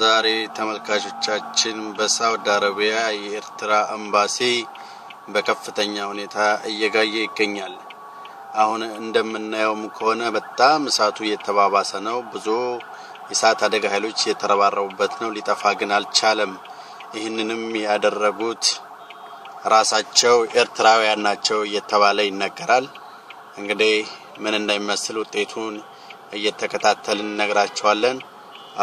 ዛሬ ተመልካቾቻችን በሳውዲ አረቢያ የኤርትራ ኤምባሲ በከፍተኛ ሁኔታ እየጋየ ይገኛል። አሁን እንደምናየውም ከሆነ በጣም እሳቱ እየተባባሰ ነው። ብዙ የእሳት አደጋ ኃይሎች እየተረባረቡበት ነው። ሊጠፋ ግን አልቻለም። ይህንንም ያደረጉት ራሳቸው ኤርትራውያን ናቸው እየተባለ ይነገራል። እንግዲህ ምን እንደሚመስል ውጤቱን እየተከታተልን እነግራቸዋለን።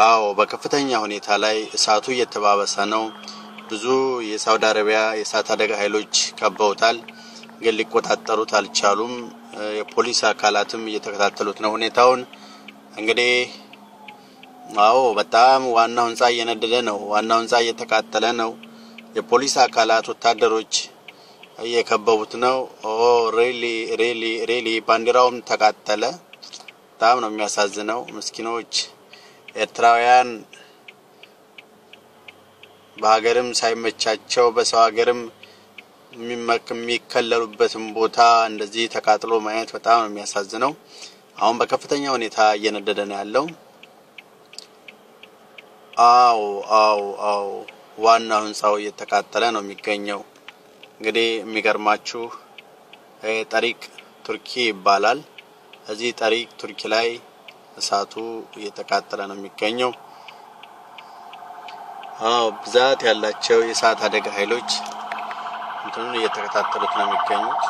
አዎ በከፍተኛ ሁኔታ ላይ እሳቱ እየተባበሰ ነው። ብዙ የሳውዲ አረቢያ የእሳት አደጋ ኃይሎች ከበውታል፣ ግን ሊቆጣጠሩት አልቻሉም። የፖሊስ አካላትም እየተከታተሉት ነው ሁኔታውን። እንግዲህ አዎ በጣም ዋናው ህንፃ እየነደደ ነው። ዋናው ህንፃ እየተቃጠለ ነው። የፖሊስ አካላት ወታደሮች እየከበቡት ነው። ሬሊ ሬሊ ሬሊ ባንዲራውም ተቃጠለ። በጣም ነው የሚያሳዝነው ምስኪኖች። ኤርትራውያን በሀገርም ሳይመቻቸው በሰው ሀገርም የሚከለሉበትን ቦታ እንደዚህ ተቃጥሎ ማየት በጣም ነው የሚያሳዝነው። አሁን በከፍተኛ ሁኔታ እየነደደ ነው ያለው። አው አው አው ዋናው ህንፃው እየተቃጠለ ነው የሚገኘው። እንግዲህ የሚገርማችሁ ጠሪቅ ቱርኪ ይባላል። እዚህ ጠሪቅ ቱርኪ ላይ እሳቱ እየተቃጠለ ነው የሚገኘው። አዎ ብዛት ያላቸው የእሳት አደጋ ኃይሎች እንትኑን እየተከታተሉት ነው የሚገኙት።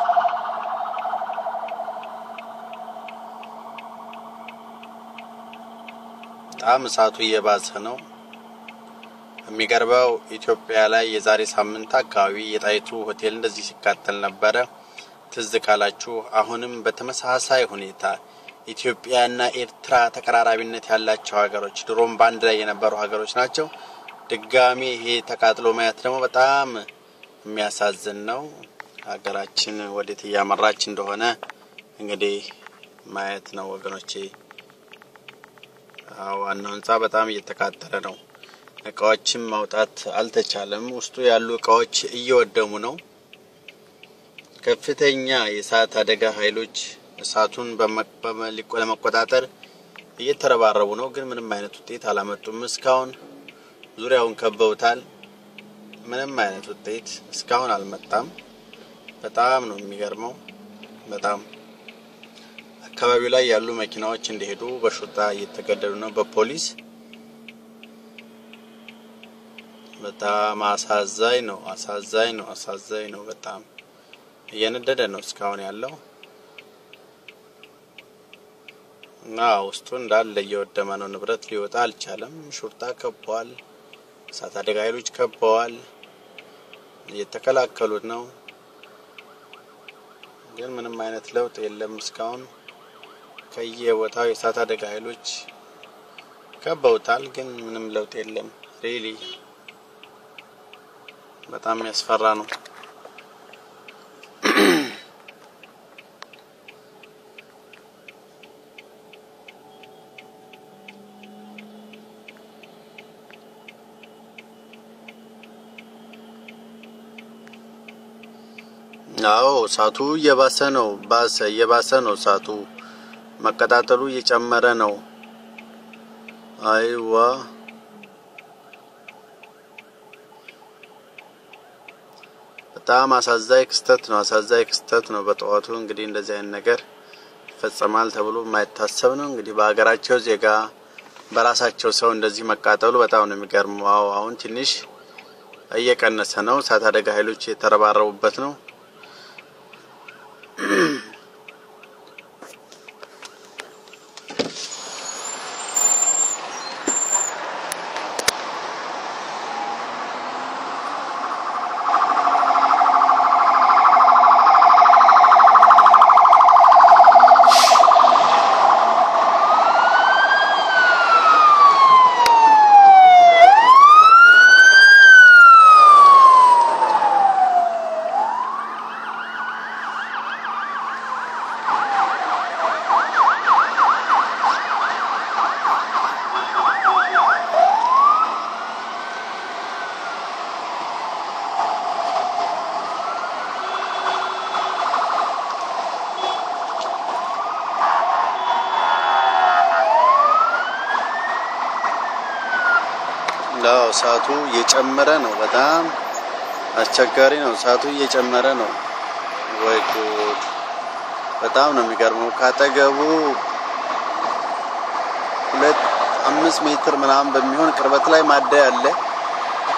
በጣም እሳቱ እየባሰ ነው። የሚገርበው ኢትዮጵያ ላይ የዛሬ ሳምንት አካባቢ የጣይቱ ሆቴል እንደዚህ ሲካተል ነበረ። ትዝ ካላችሁ አሁንም በተመሳሳይ ሁኔታ ኢትዮጵያና ኤርትራ ተቀራራቢነት ያላቸው ሀገሮች ድሮም በአንድ ላይ የነበሩ ሀገሮች ናቸው። ድጋሚ ይሄ ተቃጥሎ ማየት ደግሞ በጣም የሚያሳዝን ነው። ሀገራችን ወዴት እያመራች እንደሆነ እንግዲህ ማየት ነው ወገኖቼ። ዋናው ህንጻ በጣም እየተቃጠለ ነው። እቃዎችን ማውጣት አልተቻለም። ውስጡ ያሉ እቃዎች እየወደሙ ነው። ከፍተኛ የእሳት አደጋ ኃይሎች እሳቱን ለመቆጣጠር እየተረባረቡ ነው፣ ግን ምንም አይነት ውጤት አላመጡም። እስካሁን ዙሪያውን ከበውታል። ምንም አይነት ውጤት እስካሁን አልመጣም። በጣም ነው የሚገርመው። በጣም አካባቢው ላይ ያሉ መኪናዎች እንዲሄዱ በሹጣ እየተገደዱ ነው በፖሊስ። በጣም አሳዛኝ ነው፣ አሳዛኝ ነው፣ አሳዛኝ ነው። በጣም እየነደደ ነው እስካሁን ያለው። እና ውስጡ እንዳለ እየወደመ ነው። ንብረት ሊወጣ አልቻለም። ሹርጣ ከበዋል። እሳት አደጋ ኃይሎች ከበዋል። እየተከላከሉት ነው፣ ግን ምንም አይነት ለውጥ የለም እስካሁን። ከየቦታው የእሳት አደጋ ኃይሎች ከበውታል፣ ግን ምንም ለውጥ የለም። ሪሊ በጣም የሚያስፈራ ነው። አዎ እሳቱ እየባሰ ነው። ባሰ እየባሰ ነው እሳቱ መቀጣጠሉ እየጨመረ ነው። አይዋ በጣም አሳዛኝ ክስተት ነው። አሳዛኝ ክስተት ነው። በጠዋቱ እንግዲህ እንደዚህ አይነት ነገር ይፈጸማል ተብሎ የማይታሰብ ነው። እንግዲህ በሀገራቸው ዜጋ በራሳቸው ሰው እንደዚህ መቃጠሉ በጣም ነው የሚገርመው። አሁን ትንሽ እየቀነሰ ነው። እሳት አደጋ ኃይሎች የተረባረቡበት ነው። ላው እሳቱ እየጨመረ ነው። በጣም አስቸጋሪ ነው። እሳቱ እየጨመረ ነው። ወይ ጉድ! በጣም ነው የሚገርመው። ካጠገቡ ሁለት አምስት ሜትር ምናምን በሚሆን ቅርበት ላይ ማደያ አለ።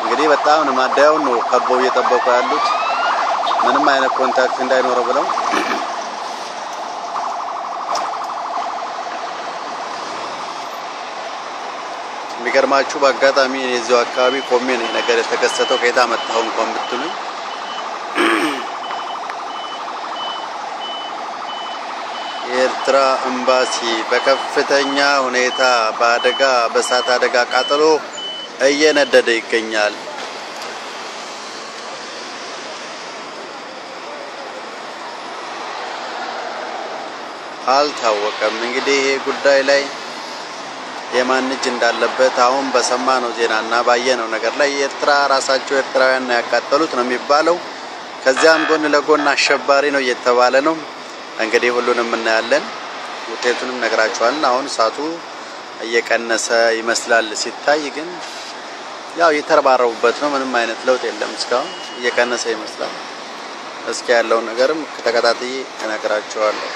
እንግዲህ በጣም ነው ማደያውን ነው ከበው እየጠበቁ ያሉት ምንም አይነት ኮንታክት እንዳይኖረው ብለው የሚገርማችሁ በአጋጣሚ የዚው አካባቢ ቆሜ ነው ነገር የተከሰተው። ከየት መጣኸው እንኳን ብትሉኝ የኤርትራ ኤምባሲ በከፍተኛ ሁኔታ በአደጋ በእሳት አደጋ ቃጠሎ እየነደደ ይገኛል። አልታወቀም እንግዲህ ይሄ ጉዳይ ላይ የማን እጅ እንዳለበት አሁን በሰማነው ባየ ባየነው ነገር ላይ የኤርትራ ራሳቸው ኤርትራውያን ነው ያቃጠሉት ነው የሚባለው። ከዚያም ጎን ለጎን አሸባሪ ነው እየተባለ ነው። እንግዲህ ሁሉንም እናያለን፣ ውጤቱንም ነግራችኋል። አሁን እሳቱ እየቀነሰ ይመስላል ሲታይ፣ ግን ያው እየተረባረቡበት ነው። ምንም አይነት ለውጥ የለም እስካሁን፣ እየቀነሰ ይመስላል። እስኪ ያለውን ነገርም ተከታትዬ እነግራችኋለሁ።